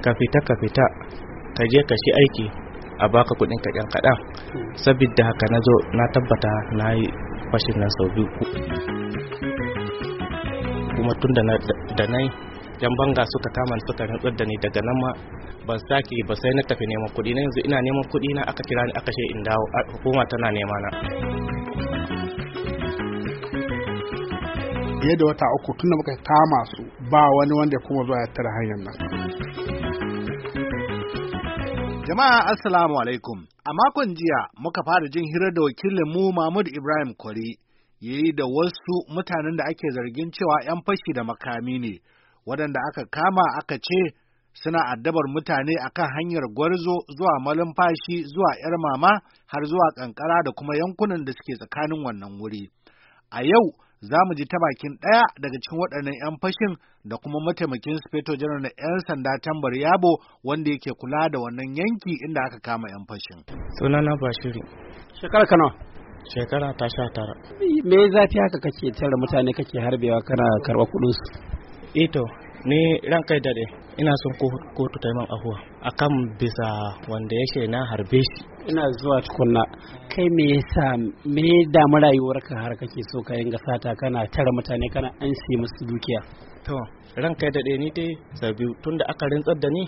ka fita ka fita ka je ka shi aiki a baka kudin ka ɗan kaɗan saboda haka na zo na tabbata na yi fashin nan sau biyu kuma tun da na yi yan banga suka kama suka rantsar da ni daga nan ma ban sake ba sai na tafi neman kuɗi na yanzu ina neman kuɗi na aka kira ni aka ce in dawo hukuma tana nema na fiye da wata uku tun da muka kama su ba wani wanda kuma zuwa ya tara hanyar nan Jama'a Assalamu alaikum. A makon jiya muka fara jin hirar da wakilinmu Mahmud Ibrahim Kwari ya yi da wasu mutanen da ake zargin cewa 'yan fashi da makami ne, waɗanda aka kama aka ce suna addabar mutane akan hanyar gwarzo zuwa malumfashi zuwa 'yar mama har zuwa kankara da kuma yankunan da suke tsakanin wannan wuri. A yau za mu ji ta bakin ɗaya daga cikin waɗannan 'yan fashin da kuma mataimakin speto janar na 'yan sanda tambar yabo wanda yake kula da wannan yanki inda aka kama 'yan fashin. sunana bashiru shekara kano shekara ta sha tara me zafi haka kake tara mutane kake harbewa kana karɓa kuɗinsu ito eh ni ran kai dade ina son kotu ta man afuwa akan bisa wanda yake na harbe shi ina zuwa tukunna kai me yasa me damu rayuwarka har kake so ka ringa sata kana tara mutane kana an sai musu dukiya to ran kai dade ni dai sabi tunda aka rantsar da ni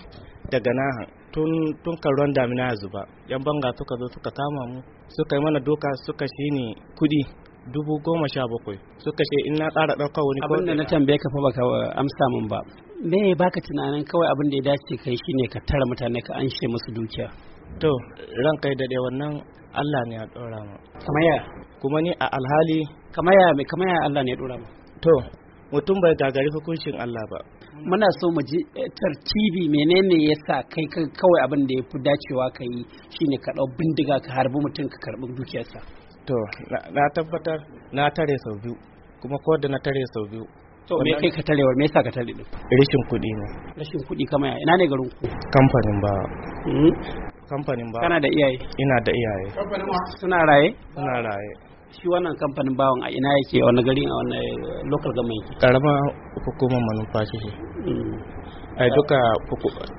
daga nan tun tun karuwan damina ya zuba yan banga suka zo suka kama mu suka yi mana doka suka shi ni kudi dubu goma sha bakwai suka ce in na tsara ɗauka wani kawai abinda na tambaye ka fa baka uh, amsa min ba me baka tunanin kawai abin da ya dace kai shine ka tara mutane ka anshe musu dukiya to ran kai da wannan Allah ne ya dora mu Kamaya. ya kuma ni a alhali Kamaya ya me ya Allah ne ya dora mu to mutum bai gagari hukuncin Allah ba muna so mu ji eh, tartibi menene yasa kai kawai abin da ya fi dacewa ka yi shine ka ɗau bindiga ka harbi mutum ka karɓi dukiyarsa to na tabbatar na tare sau biyu kuma ko da na tare sau biyu to me kai ka tarewar me yasa ka tare din rashin kuɗi ne rashin kuɗi kama ya ina ne garin ku kamfanin ba hmm? kamfanin ba kana da iyaye ina da iyaye kamfanin ma suna raye suna raye shi wannan kamfanin bawon a ina yake a wani gari a wani local government karama hukumar manufashi ai duka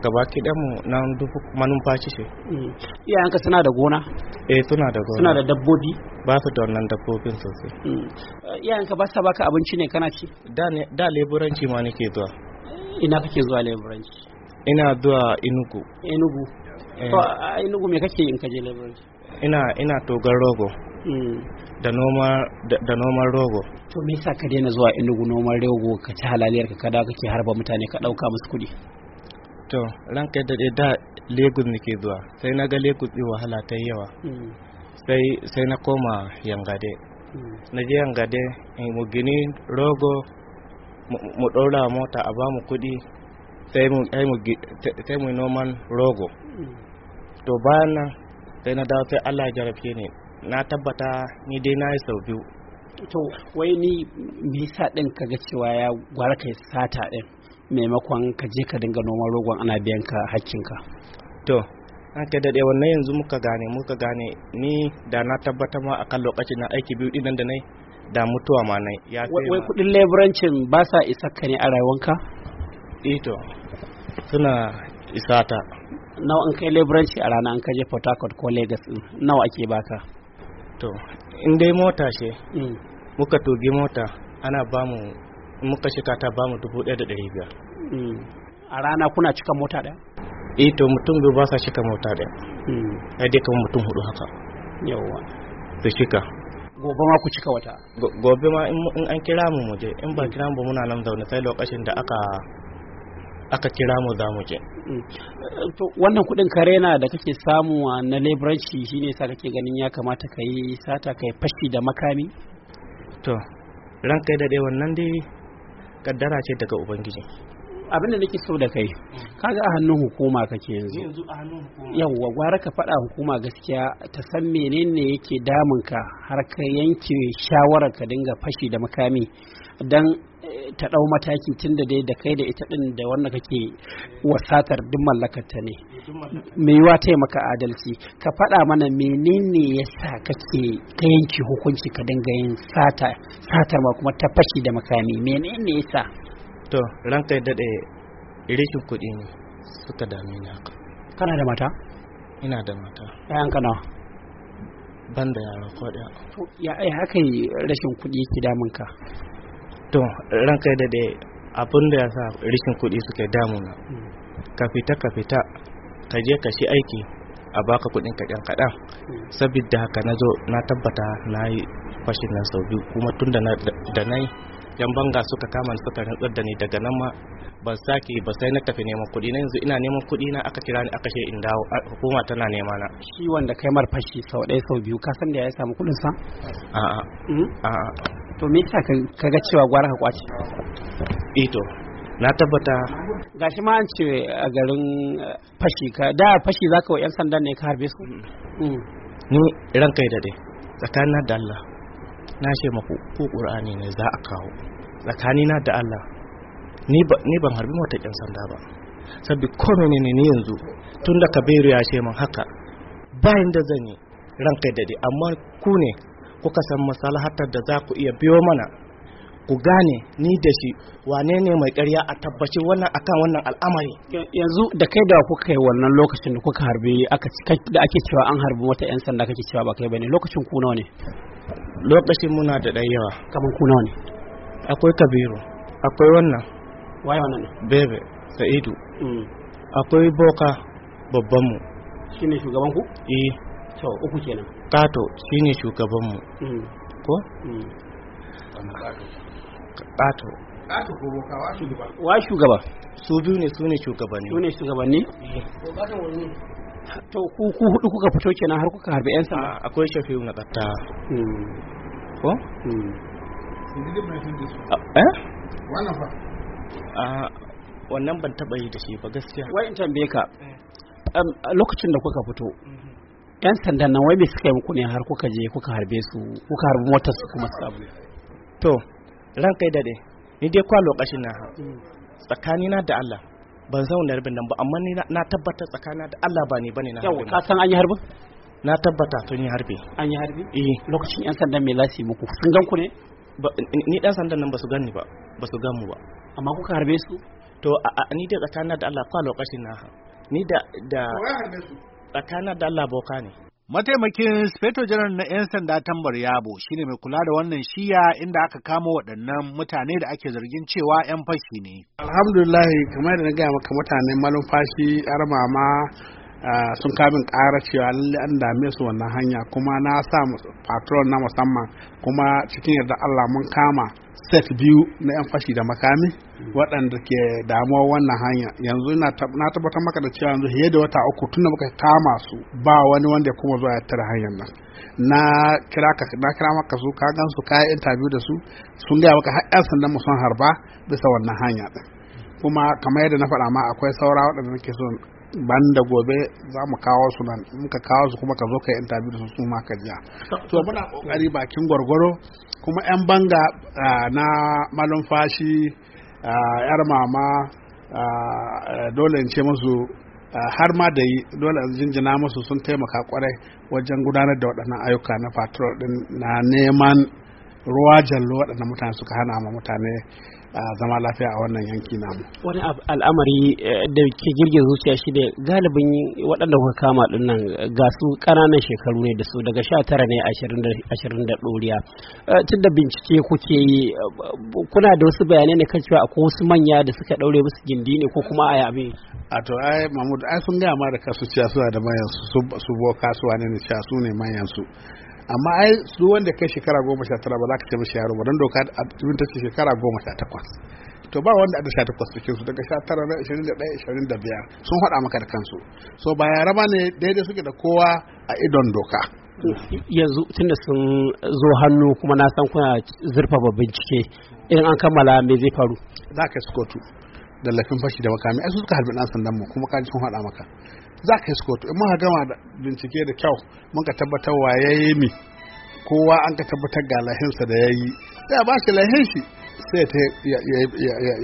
gabaki mu nan dubu manumfaci ce mm. iyayenka suna da gona eh suna da gona suna da dabbobi ba su da wannan dabbobin sosai mm. eh, iyayenka ba sa baka abinci ne kana ci da leburanci ma nake zuwa ina kake zuwa leburanci ina zuwa inugu inugu eh. to a inugu me kake in kaje leburanci ina ina togar rogo Mm. da noman rogo to me yasa ka daina zuwa inugu noman rogo ka ci halaliyar ka kada kake harba mutane ka dauka musu kudi to ranka da da lagos nake zuwa sai na ga lagos din wahala ta yawa mm. sai sai na koma yangade mm. na je yangade mu gini rogo mu ɗora mota a bamu kuɗi sai mu mu mu sai noman rogo to bayan nan sai na dawo sai allah jarabe ne na tabbata ni dai na yi sau biyu to wai ni me yasa din kaga cewa ya gwara kai sata din maimakon ka je ka dinga noman rogon ana biyan ka hakkinka to haka da wannan yanzu muka gane muka gane ni da na tabbata ma akan lokacin na aiki biyu dinan da nai da mutuwa ma nai ya wai kudin leburancin ba sa isa ka ne a rayuwanka eh to suna isata nawa an kai leburanci a rana an kaje port harcourt ko lagos nawa ake baka to in dai mota ce mm. muka toge mota ana ba mu muka shika ta ba mu dubu ɗaya da ɗari biyar mm. a rana kuna cika mota ɗaya eh to mutum biyu ba sa shika mota ɗaya mm. ai dai kamar mutum hudu haka yawwa su shika gobe ma ku cika wata gobe ma in an kira mu muje in ba kira mu muna nan zaune sai lokacin da aka aka kira mu za mu je mm. wannan kuɗin Karena na da kake samu na shi ne sa kake ganin ya kamata ka yi sata kai fashi da makami to ranka da dai wannan dai kaddara ce daga ubangiji abin da nake so da kai kaga a hannun hukuma kake yanzu yawwa gwara ka faɗa hukuma gaskiya ta san menene yake damun ka har ka yanke shawarar ka dinga fashi da makami dan eh, ta ɗau mataki tun da dai da kai da ita ɗin da wannan kake wasatar duk mallakarta eh, ne me yiwa taimaka adalci ka faɗa mana menene ya sa kake ka yanke hukunci ka dinga yin sata satar ma kuma ta fashi da makami menene ya sa to ranka daɗe rishin kuɗi ne suka dami ni haka kana da mata ina da mata ɗayan kana ban da yara ko ɗaya ya ai haka yi rashin kuɗi ki damun ka to ranka daɗe abin da ya sa rishin kuɗi suke damuna hmm. ka fita ka fita ka je ka shi aiki a baka kuɗin kaɗan kaɗan hmm. saboda haka na zo na tabbata na yi fashin na sau biyu kuma tun da na yi yan banga suka kama ni suka rantsar da ni daga nan ma ban sake ba sai na tafi neman kuɗi na yanzu ina neman kuɗi na aka kira ni aka ce in dawo hukuma tana nema na shi wanda kai mar fashi sau ɗaya sau biyu ka san da ya samu kuɗin sa a'a hmm? a to me yasa ka ga cewa gwara ka kwace ito eh na tabbata gashi ma an ce a garin eh, fashi ka da fashi zaka wa yan sandan ne ka harbe su mm-hmm. hmm. ni ran kai da dai tsakanin da Allah na ce maku ko ƙur'ani ne za a kawo tsakanina da Allah ni ban harbi wata ƙyan sanda ba sabbi kome ne ne yanzu tun da kabiru ya ce man haka bayan da zan yi ran kai daɗi amma ku ne kuka san masalahatar da za ku iya biyo mana ku gane ni da shi wane ne mai ƙarya a tabbaci wannan akan wannan al'amari yanzu da kai da kuka yi wannan lokacin da kuka harbi da ake cewa an harbi wata 'yan sanda kake cewa ba kai bane lokacin ku nawa ne lokacin muna da ɗan yawa kamar ku nawa ne akwai kabiru akwai wannan waye wannan ne bebe sa'idu mm. akwai boka babban mu shine shugaban ku eh to uku kenan kato shine shugaban mu mm. ko mm. kato kato ko boka wa shugaba wa shugaba su biyu ne su ne shugabanni su ne shugabanni ko eh. kato wani to ku ku hudu kuka fito kenan har kuka harbe yan sanda akwai shafi'u na tsatta hmm. ko hmm. eh wannan fa wannan ban taba yi da shi ba gaskiya wai in tambaye ka eh. um, lokacin da kuka fito yan sandan nan wai me suka yi muku ne har kuka je kuka harbe su kuka harbi motar su kuma sabu to ran kai dade ni dai kwa lokacin na hmm. tsakanina da Allah ban wanda harbin nan ba amma ni na tabbata tsakanin da Allah ba ne bane na harbin ka san an yi harbin na tabbata sun yi harbi an yi harbi eh lokacin yan sandan me lasi muku sun gan ku ne ni dan sandan nan ba su gani ba ba su gan mu ba amma kuka harbe su to ni da tsakanin da Allah kwa lokacin na ni da da tsakanin da Allah boka ne Mataimakin Sufeto Janar na 'yan sanda tambar yabo shine mai kula da wannan shiya inda aka kama waɗannan mutane da ake zargin cewa 'yan fashi ne. Alhamdulillah kamar da na gaya maka mutanen malumfashi, mama Ah, sun kamin ƙara cewa lalle an dame su wannan hanya kuma na sa patron na musamman kuma cikin yadda Allah mun kama set biyu na 'yan fashi da makami waɗanda ke damuwa wannan hanya yanzu na tabbatar maka da cewa yanzu fiye da wata uku tunda muka kama su ba wani wanda ya kuma zuwa ya tara hanyar nan na kira ka na kira maka su ka gan su ka yi interview da su sun gaya maka har 'yan sandan mu sun harba bisa wannan hanya din kuma kamar yadda na faɗa ma akwai saura waɗanda nake so ban da gobe za mu kawo su nan in ka kawo su kuma ka zo ka yi interview da su su ma ka jiya to muna kokari bakin gwargwaro kuma yan banga na malumfashi yar mama dole in ce musu har ma da yi dole a jinjina musu sun taimaka kwarai wajen gudanar da waɗannan ayyuka na patrol din na neman ruwa jallo waɗannan mutane suka hana ma mutane zama lafiya a wannan yanki namu wani al'amari eh, da ke girgin zuciya shi da galibin waɗanda kuka kama ɗin nan ga su ƙananan shekaru ne da su daga sha tara ne ashirin da ɗoriya eh, tun da bincike kuke yi eh, kuna da wasu bayanai ne kan cewa akwai wasu manya da suka ɗaure musu gindi ne ko kuma a yabe a to ai mahmud ai sun gaya ma da kasu cewa suna da manyan su boka su wane ne cewa su ne manyan su amma ai su wanda kai shekara goma sha tara ba za ka ce mishi yaro ba don doka abin ta ce shekara goma sha takwas to ba wanda da sha takwas cikin su daga sha tara na ishirin da ɗaya ishirin biyar sun haɗa maka da kansu so ba yara ba ne daidai suke da kowa a idon doka yanzu tunda sun zo hannu kuma na san kuna zurfafa bincike in an kammala me zai faru za ka su kotu da lafin fashi da makami ai su suka harbi dan sandan mu kuma kaji sun hada maka za ka yi su kotu in mun gama da bincike da kyau mun ka tabbatar wa yayi mi kowa an ka tabbatar ga lahinsa da yayi sai a ba shi lahin shi sai ta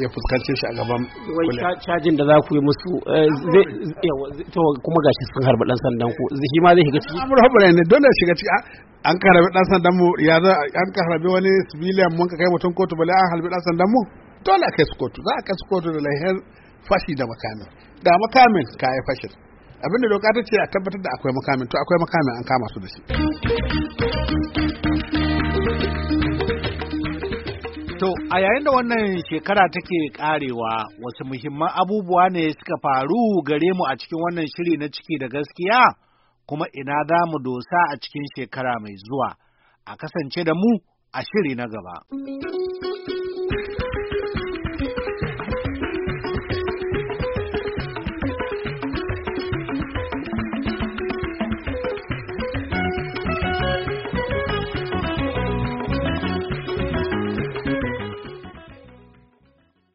ya fuskance shi a gaban wai cajin da za ku yi musu eh, to kuma gashi sun harbi dan sandan ku zai ma zai shiga ciki amur habura ne don da shiga ciki an ka harbi dan sandan mu ya an ka harbi wani civilian mun ka kai mutum kotu bale an harbi dan sandan mu dole a kai su kotu za a kai su kotu da laihar fashi da makamin ga makamin ka yi fashin abinda doka ta ce a tabbatar da akwai makamin to akwai makamin an kama su da shi To a yayin da wannan shekara take karewa wasu muhimman abubuwa ne suka faru gare mu a cikin wannan shiri na ciki da gaskiya kuma ina za mu dosa a cikin shekara mai zuwa a kasance da mu a shiri na gaba.